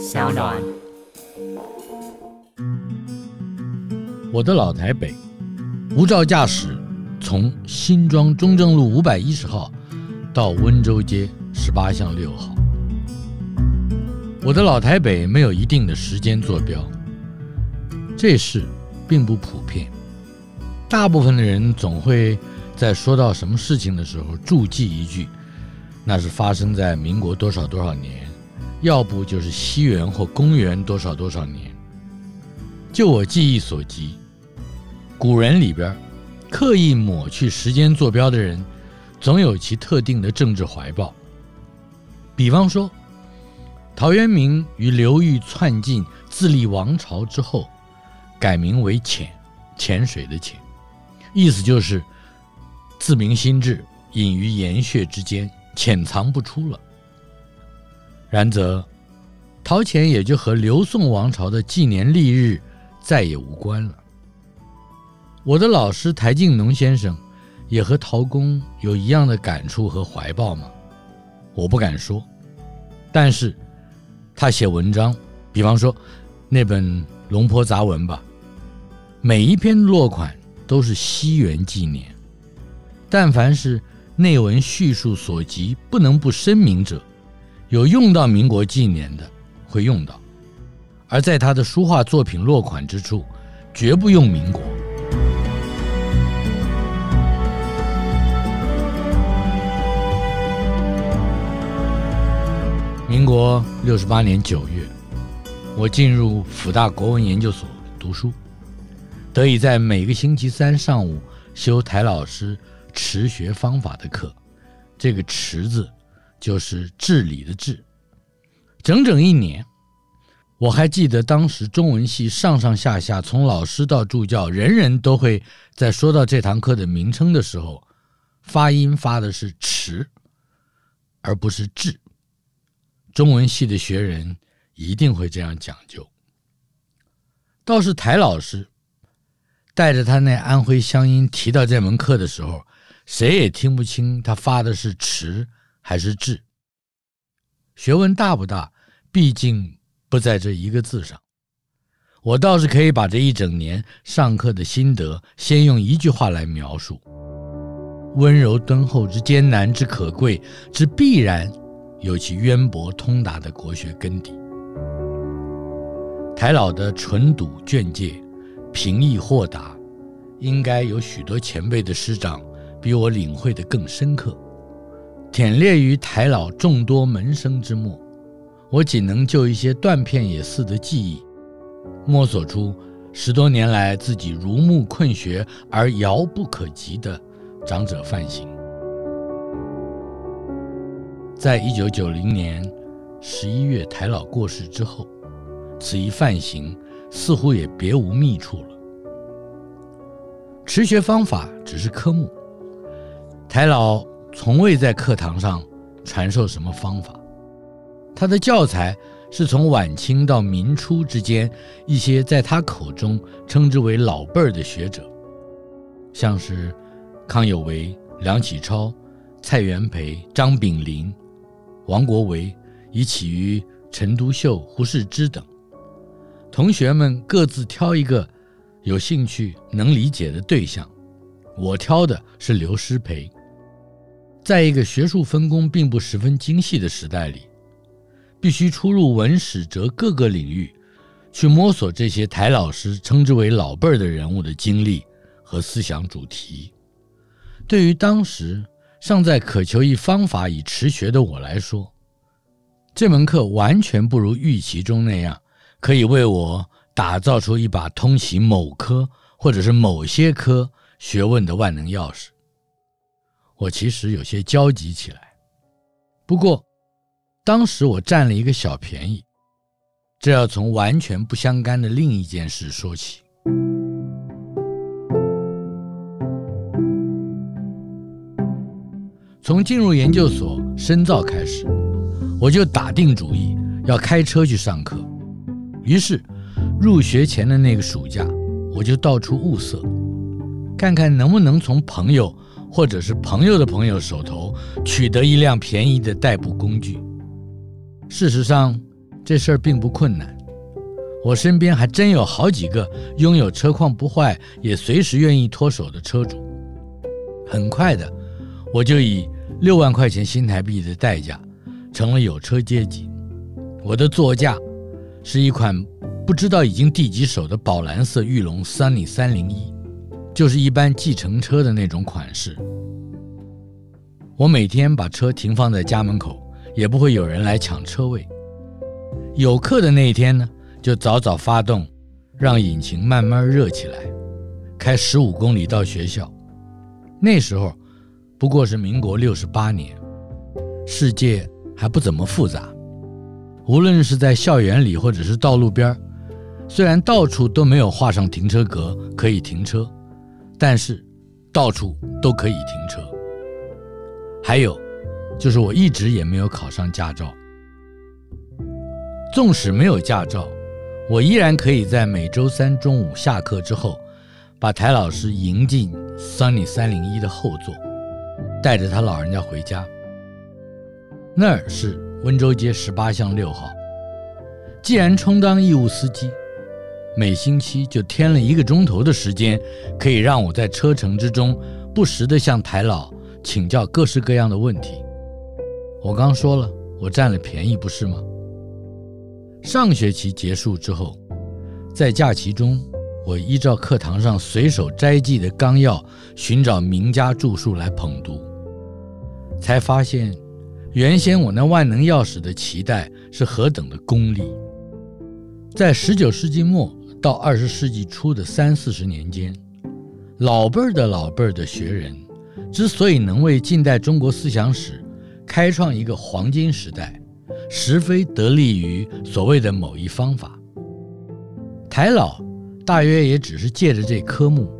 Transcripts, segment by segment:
SoundOn。我的老台北，無照駕駛，從新莊中正路五百一十號到溫州街十八巷六號。我的老台北，沒有一定的時間坐標，這事並不普遍。大部分的人，總會在說到什麼事情的時候註記一句：“那是發生在民國多少多少年。”要不就是西元或公元多少多少年。就我記憶所及，古人裡邊刻意抹去時間坐標的人，總有其特定的政治懷抱。比方說，陶淵明於劉裕篡晉自立王朝之後，改名為潛，潛水的潛，意思就是自明心智，隱於岩穴之間，潛藏不出了。然則，陶潛也就和劉宋王朝的紀年曆日再也無關了。我的老師台靜農先生，也和陶公有一樣的感觸和懷抱嗎？我不敢說，但是他寫文章，比方說那本《龍坡雜文》吧，每一篇落款都是西元紀年，但凡是內文敘述所及不能不聲明者，有用到民國紀年的，會用到；而在他的書畫作品落款之處，絕不用民國。民國六十八年九月，我進入輔大國文研究所讀書，得以在每個星期三上午修台老師治學方法的課，這個治字。就是治理的治，整整一年，我還記得當時中文系上上下下，從老師到助教，人人都會在說到這堂課的名稱的時候，發音發的是“遲”，而不是“治”。中文系的學人一定會這樣講究，倒是台老師帶着他那安徽鄉音提到這門課的時候，誰也聽不清他發的是“遲”。還是智？學問大不大？畢竟不在這一個字上。我倒是可以把這一整年上課的心得，先用一句話來描述：溫柔敦厚之艱難之可貴之必然，有其淵博通達的國學根底。台老的純篤狷介、平易豁達，應該有許多前輩的師長比我領會的更深刻。忝列於台老眾多門生之末，我僅能就一些斷片也似的記憶，摸索出十多年來自己如木困學而遙不可及的長者範行。在一九九零年十一月台老過世之後，此一範行似乎也別無覓處了。治學方法只是科目，台老從未在課堂上傳授什麼方法，他的教材是從晚清到民初之間一些在他口中稱之為“老輩兒”的學者，像是康有為、梁啟超、蔡元培、章炳麟、王國維，以及於陳獨秀、胡適之等。同學們各自挑一個有興趣、能理解的對象，我挑的是劉師培。在一個學術分工並不十分精細的時代裡，必須出入文史哲各個領域，去摸索這些臺老師稱之為老輩兒的人物的經歷和思想主題。對於當時尚在渴求一方法以治學的我來說，這門課完全不如預期中那樣，可以為我打造出一把通習某科或者是某些科學問的萬能鑰匙。我其實有些焦急起來，不過，當時我佔了一個小便宜，這要從完全不相干的另一件事說起。從進入研究所深造開始，我就打定主意要開車去上課，於是，入學前的那個暑假，我就到處物色，看看能不能從朋友。或者是朋友的朋友手頭取得一輛便宜的代步工具。事實上，這事兒並不困難。我身邊還真有好幾個擁有車況不壞、也隨時願意脫手的車主。很快的，我就以六萬塊錢新台幣的代價，成了有車階級。我的座駕，是一款不知道已經第幾手的寶藍色裕隆三零三零一。就是一般計程車的那種款式。我每天把車停放在家門口，也不會有人來搶車位。有課的那一天呢，就早早發動，讓引擎慢慢熱起來，開十五公里到學校。那時候，不過是民國六十八年，世界還不怎麼複雜。無論是在校園裡，或者是道路邊兒，雖然到處都沒有畫上停車格，可以停車。但是，到處都可以停車。還有，就是我一直也沒有考上駕照。縱使沒有駕照，我依然可以在每周三中午下課之後，把台老師迎進 Sunny 三零一的後座，帶着他老人家回家。那兒是溫州街十八巷六號，既然充當義務司機，每星期就添了一個鐘頭的時間，可以讓我在車程之中，不時地向台老請教各式各樣的問題。我剛說了，我占了便宜，不是嗎？上學期結束之後，在假期中，我依照課堂上隨手摘記的綱要，尋找名家著述來捧讀，才發現，原先我那萬能鑰匙的期待是何等的功利。在十九世紀末。到二十世紀初的三四十年間，老輩兒的老輩兒的學人，之所以能為近代中國思想史開創一個黃金時代，實非得力於所謂的某一方法。臺老大約也只是借着這科目，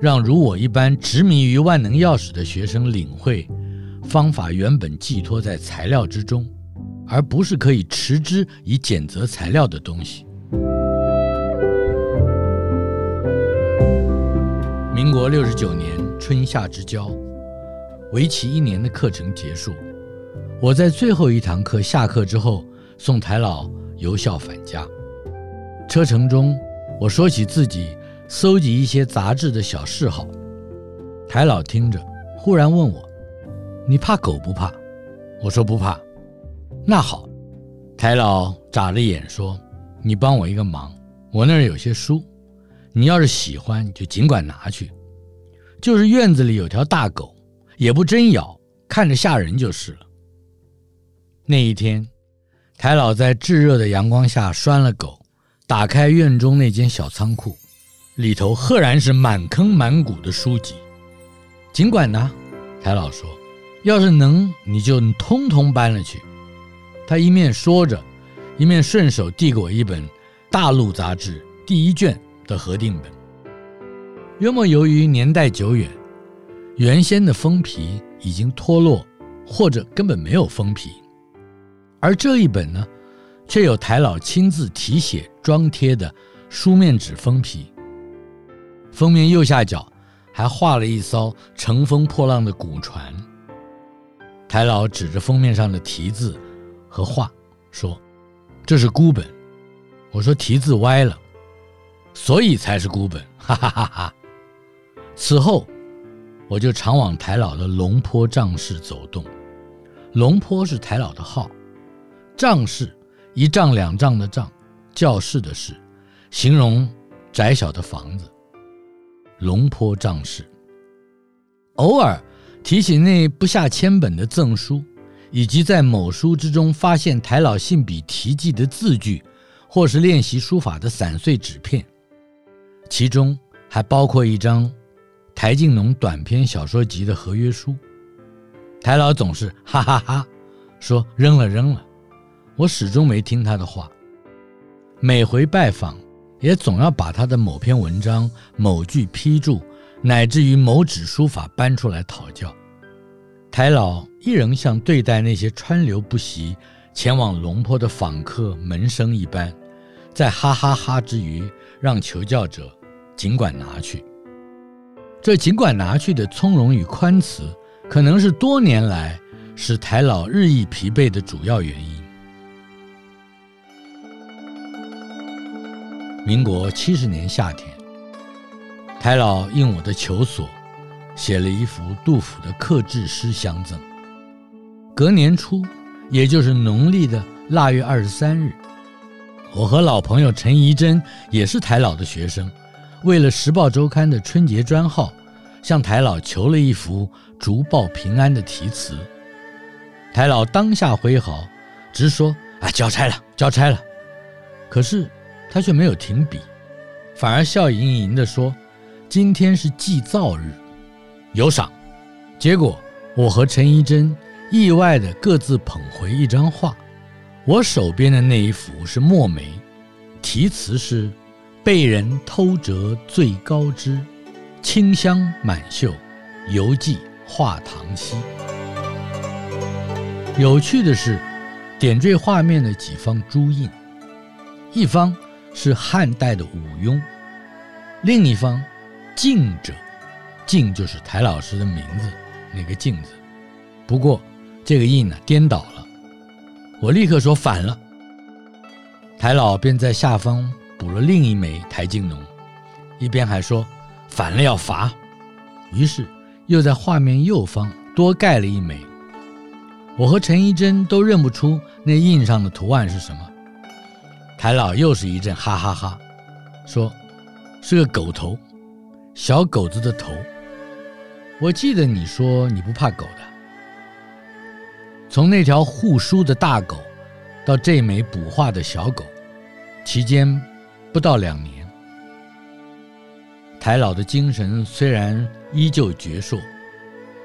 讓如我一般執迷於萬能鑰匙的學生領會，方法原本寄託在材料之中，而不是可以持之以檢擇材料的東西。民國六十九年春夏之交，為期一年的課程結束。我在最後一堂課下課之後，送台老由校返家。車程中，我說起自己蒐集一些雜誌的小嗜好。台老聽着，忽然問我：“你怕狗不怕？”我說：“不怕。”那好，台老眨着眼說：“你幫我一個忙，我那兒有些書。”你要是喜歡，就儘管拿去。就是院子裡有條大狗，也不真咬，看着嚇人就是了。那一天，台老在炙熱的陽光下拴了狗，打開院中那間小倉庫，裡頭赫然是滿坑滿谷的書籍。儘管拿，台老說，要是能，你就你通通搬了去。他一面說着，一面順手遞給我一本《大陸》雜誌第一卷的核定本，約莫由於年代久遠，原先的封皮已經脫落，或者根本沒有封皮。而這一本呢，卻有台老親自題寫裝貼的書面紙封皮，封面右下角還畫了一艘乘風破浪的古船。台老指着封面上的題字和畫說：“這是孤本。”我說：“題字歪了。”所以才是孤本，哈哈哈哈。此後，我就常往台老的龍坡丈室走動。龍坡是台老的號，丈室，一丈兩丈的丈，教室的室，形容窄小的房子。龍坡丈室。偶爾提起那不下千本的贈書，以及在某書之中發現台老信筆題記的字句，或是練習書法的散碎紙片。其中還包括一張臺靜農短篇小說集的合約書，台老總是哈哈哈哈，說扔了扔了，我始終沒聽他的話。每回拜訪，也總要把他的某篇文章、某句批注，乃至於某紙書法搬出來討教。台老依然像對待那些川流不息前往龍坡的訪客門生一般，在哈哈哈哈之餘，讓求教者。儘管拿去。這儘管拿去的從容與寬慈，可能是多年來使臺老日益疲憊的主要原因。民國七十年夏天，臺老應我的求索，寫了一幅杜甫的客至詩相贈。隔年初，也就是農曆的臘月二十三日，我和老朋友陳儀珍，也是臺老的學生。為了《時報周刊》的春節專號，向台老求了一幅“竹報平安”的題詞。台老當下揮毫，直說：“啊，交差了，交差了。”可是他卻沒有停筆，反而笑盈盈地說：“今天是祭灶日，有賞。”結果我和陳一貞意外地各自捧回一張畫。我手邊的那一幅是墨梅，題詞是。被人偷折最高枝，清香滿袖，猶寄畫堂西。有趣的是，點綴畫面的幾方朱印，一方是漢代的武庸，另一方，靜者，靜就是台老師的名字，那個靜字。不過這個印呢、啊，顛倒了，我立刻說反了。台老便在下方。補了另一枚臺靜農，一邊還說反了要罰，於是又在畫面右方多蓋了一枚。我和陳一貞都認不出那印上的圖案是什麼。台老又是一陣哈哈哈哈，說是個狗頭，小狗子的頭。我記得你說你不怕狗的，從那條護書的大狗到這枚補畫的小狗，其間。不到兩年，台老的精神雖然依舊矍鑠，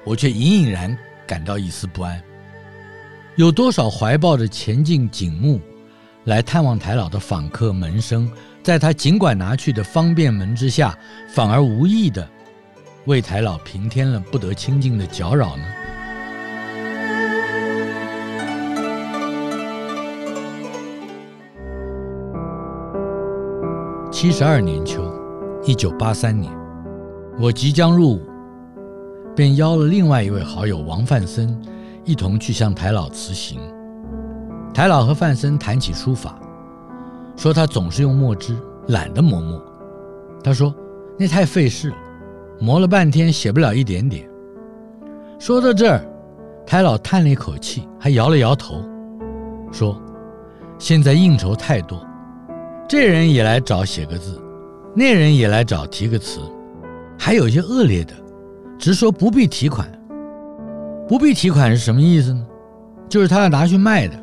我卻隱隱然感到一絲不安。有多少懷抱着前進景慕來探望台老的訪客門生，在他儘管拿去的方便門之下，反而無意的為台老平添了不得清淨的攪擾呢？七十二年秋，一九八三年，我即將入伍，便邀了另外一位好友王范森一同去向台老辭行。台老和范森談起書法，說他總是用墨汁，懶得磨墨。他說：“那太費事了，磨了半天寫不了一點點。”說到這兒，台老嘆了一口氣，還搖了搖頭，說：“現在應酬太多。”這人也來找寫個字，那人也來找題個詞，還有一些惡劣的，直說不必題款。不必題款是什麼意思呢？就是他要拿去賣的。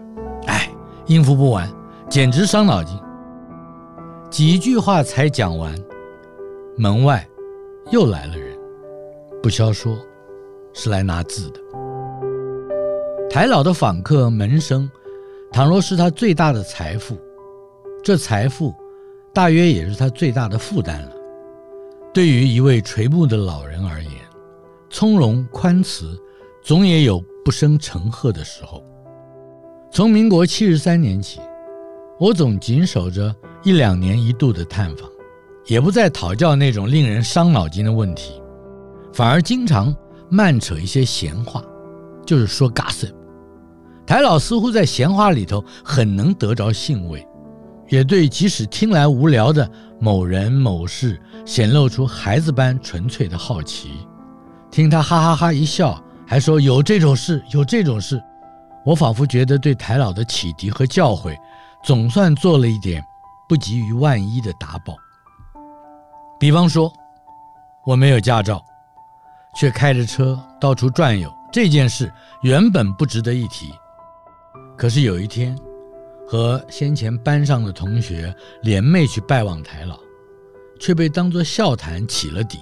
哎，應付不完，簡直傷腦筋。幾句話才講完，門外又來了人，不消說，是來拿字的。台老的訪客門生，倘若是他最大的財富。這財富，大約也是他最大的負擔了。對於一位垂暮的老人而言，從容寬慈，總也有不生塵垢的時候。從民國七十三年起，我總謹守着一兩年一度的探訪，也不再討教那種令人傷腦筋的問題，反而經常漫扯一些閒話，就是說 gossip。台老似乎在閒話裡頭很能得着興味。也對，即使聽來無聊的某人某事，顯露出孩子般純粹的好奇。聽他哈哈哈哈一笑，還說有這種事，有這種事。我仿佛覺得對台老的啟迪和教誨，總算做了一點不及於萬一的打保。比方說，我沒有駕照，卻開着車到處轉悠，這件事原本不值得一提。可是有一天。和先前班上的同學聯袂去拜望台老，卻被當作笑談起了底。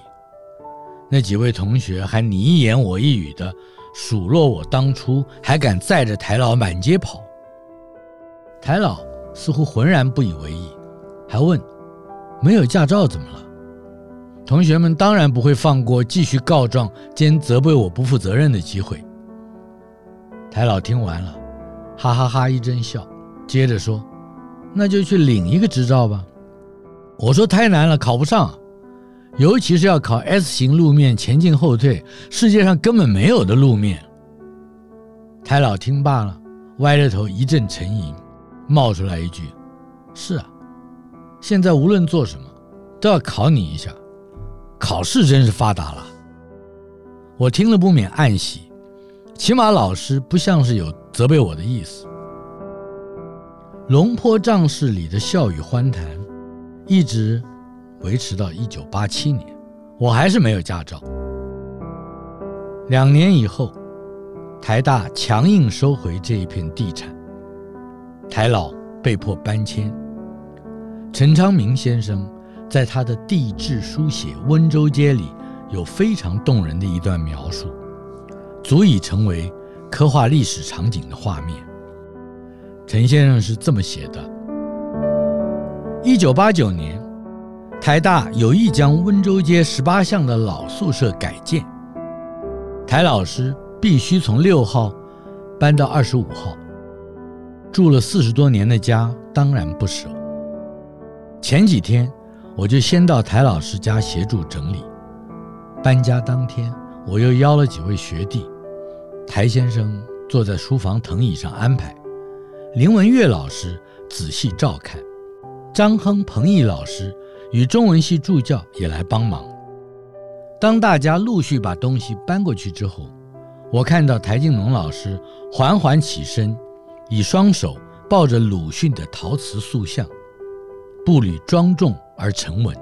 那幾位同學還你一言我一語的數落我當初還敢載着台老滿街跑。台老似乎渾然不以為意，還問：“沒有駕照怎麼了？”同學們當然不會放過繼續告狀兼責備我不負責任的機會。台老聽完了，哈哈哈哈一陣笑。接着說，那就去領一個執照吧。我說太難了，考不上啊，尤其是要考 S 型路面前進後退，世界上根本沒有的路面。臺老聽罷了，歪着頭一陣沉吟，冒出來一句：“是啊，現在無論做什麼，都要考你一下，考試真是發達了。”我聽了不免暗喜，起碼老師不像是有責備我的意思。龍坡丈室裡的笑語歡談，一直維持到一九八七年，我還是沒有駕照。兩年以後，台大強硬收回這一片地產，台老被迫搬遷。陳昌明先生在他的地質書寫《溫州街》裡，有非常動人的一段描述，足以成為刻畫歷史場景的畫面。陳先生是這麼寫的：一九八九年，台大有意將溫州街十八巷的老宿舍改建，台老師必須從六號搬到二十五號，住了四十多年的家當然不捨。前幾天我就先到台老師家協助整理，搬家當天，我又邀了幾位學弟，台先生坐在書房藤椅上安排。林文月老師仔細照看，張亨、彭毅老師與中文系助教也來幫忙。當大家陸續把東西搬過去之後，我看到臺靜農老師緩緩起身，以雙手抱着魯迅的陶瓷塑像，步履莊重而沉穩，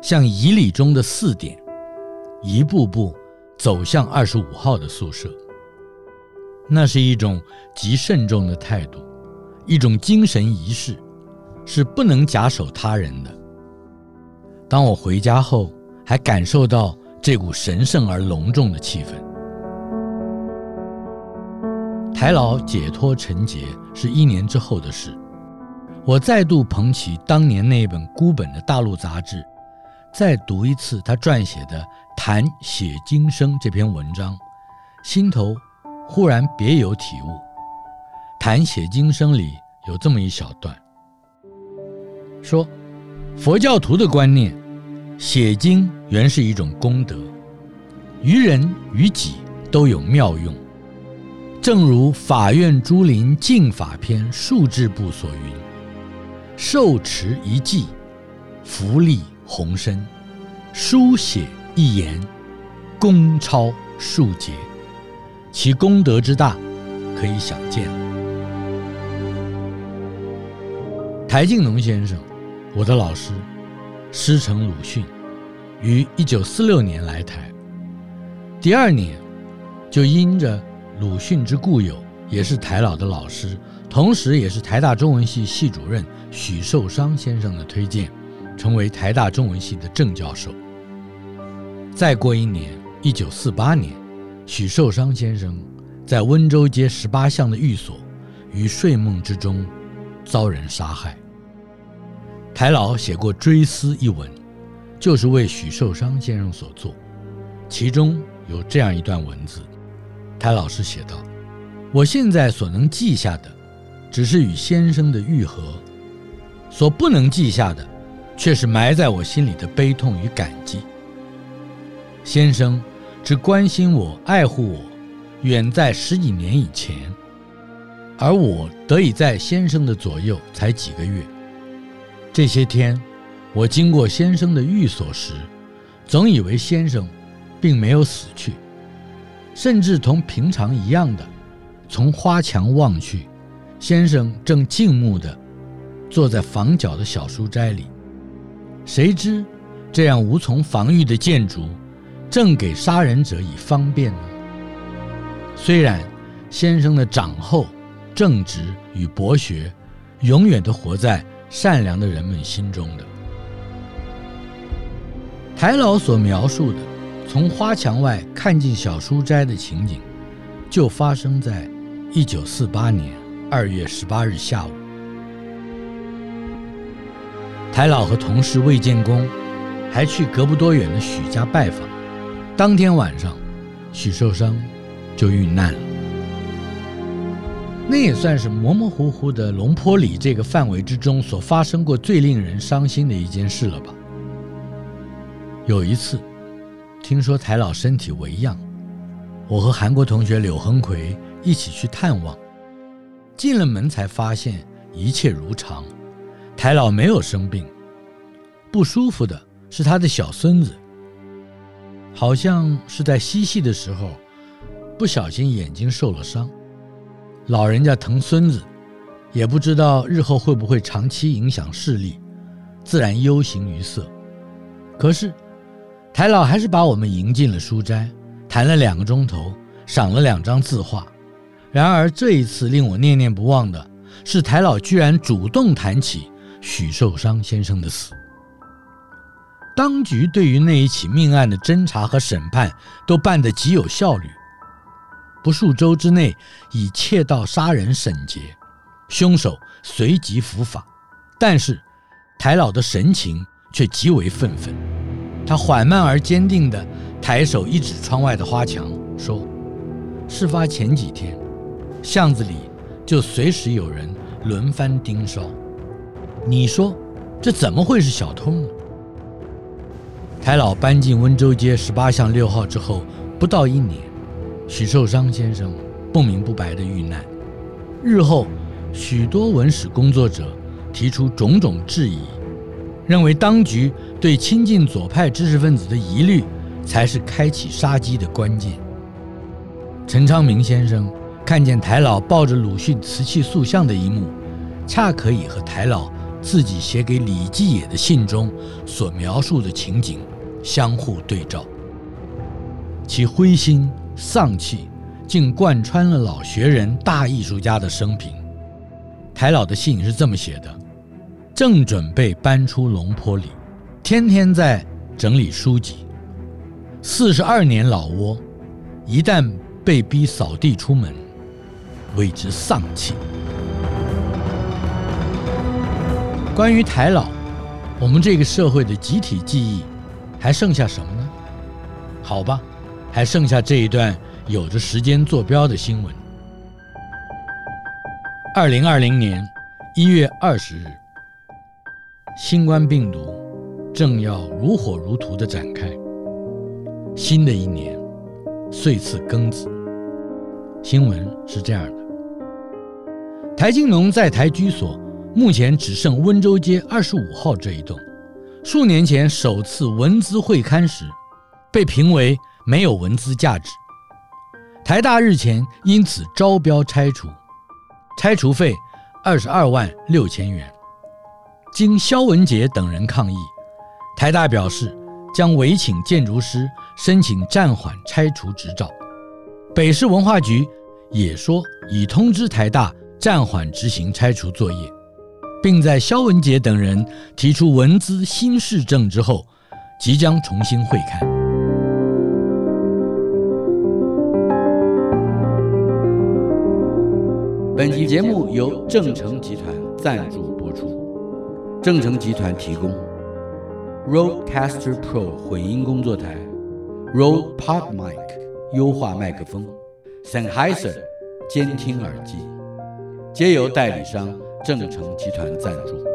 像儀禮中的四點，一步步走向二十五號的宿舍。那是一種極慎重的態度。一種精神儀式是不能假手他人的。當我回家後，還感受到這股神聖而隆重的氣氛。台老解脫塵劫是一年之後的事，我再度捧起當年那本孤本的大陸雜誌，再讀一次他撰寫的《談寫經生》這篇文章，心頭忽然別有體悟。談寫經生裡有這麼一小段說，說佛教徒的觀念，寫經原是一種功德，於人於己都有妙用。正如《法苑珠林淨法篇數智部》所云：“受持一偈，福力宏深；書寫一言，功超數劫。其功德之大，可以想見。”台靜農先生，我的老師，師承魯迅，於一九四六年來台，第二年就因着魯迅之故友，也是台老的老師，同時也是台大中文系系主任許壽裳先生的推薦，成為台大中文系的正教授。再過一年，一九四八年，許壽裳先生在溫州街十八巷的寓所，於睡夢之中遭人殺害。台老寫過《追思》一文，就是為許壽裳先生所作，其中有這樣一段文字：台老師寫道：“我現在所能記下的，只是與先生的遇合；所不能記下的，卻是埋在我心裡的悲痛與感激。先生只關心我、愛護我，遠在十幾年以前，而我得以在先生的左右才幾個月。”這些天，我經過先生的寓所時，總以為先生並沒有死去，甚至同平常一樣的，從花牆望去，先生正靜穆地坐在房角的小書齋裡。誰知這樣無從防禦的建築，正給殺人者以方便呢？雖然先生的長厚、正直與博學，永遠的活在。善良的人們心中的，臺老所描述的從花牆外看進小書齋的情景，就發生在一九四八年二月十八日下午。臺老和同事魏建功還去隔不多遠的許家拜訪，當天晚上，許壽裳就遇難了。那也算是模模糊糊的龍坡里這個範圍之中所發生過最令人傷心的一件事了吧。有一次，聽說台老身體微恙，我和韓國同學柳亨奎一起去探望，進了門才發現一切如常，台老沒有生病，不舒服的是他的小孫子，好像是在嬉戲的時候不小心眼睛受了傷。老人家疼孫子，也不知道日後會不會長期影響視力，自然憂形於色。可是，台老還是把我們迎進了書齋，談了兩個鐘頭，賞了兩張字畫。然而，這一次令我念念不忘的是，台老居然主動談起許壽裳先生的死。當局對於那一起命案的偵查和審判，都辦得極有效率。不數週之內，以竊盜殺人審結，凶手隨即伏法。但是，台老的神情卻極為憤憤。他緩慢而堅定地抬手一指窗外的花牆，說：“事發前幾天，巷子裡就隨時有人輪番盯梢。你說，這怎麼會是小偷呢？”台老搬進溫州街十八巷六號之後，不到一年。許壽裳先生不明不白的遇難，日後許多文史工作者提出種種質疑，認為當局對親近左派知識分子的疑慮才是開啟殺機的關鍵。陳昌明先生看見台老抱着魯迅瓷器塑像的一幕，恰可以和台老自己寫給李霽野的信中所描述的情景相互對照，其灰心、喪氣，竟貫穿了老學人大藝術家的生平。台老的信是這麼寫的：正準備搬出龍坡里，天天在整理書籍。四十二年老窩，一旦被逼掃地出門，為之喪氣。關於台老，我們這個社會的集體記憶，還剩下什麼呢？好吧。還剩下這一段有着時間坐標的新聞：二零二零年一月二十日，新冠病毒正要如火如荼的展開。新的一年，歲次庚子。新聞是這樣的：臺靜農在台居所目前只剩溫州街二十五號這一棟。數年前首次文資會勘時，被評為。沒有文資價值，台大日前因此招標拆除，拆除費二十二萬六千元。經蕭文杰等人抗議，台大表示將委請建築師申請暫緩拆除執照。北市文化局也說已通知台大暫緩執行拆除作業，並在蕭文杰等人提出文資新事證之後，即將重新會勘。本期節目由正成集團贊助播出，正成集團提供 RODECaster Pro 混音工作台，Rode PodMic 優化麥克風，Sennheiser 監聽耳機，皆由代理商正成集團贊助。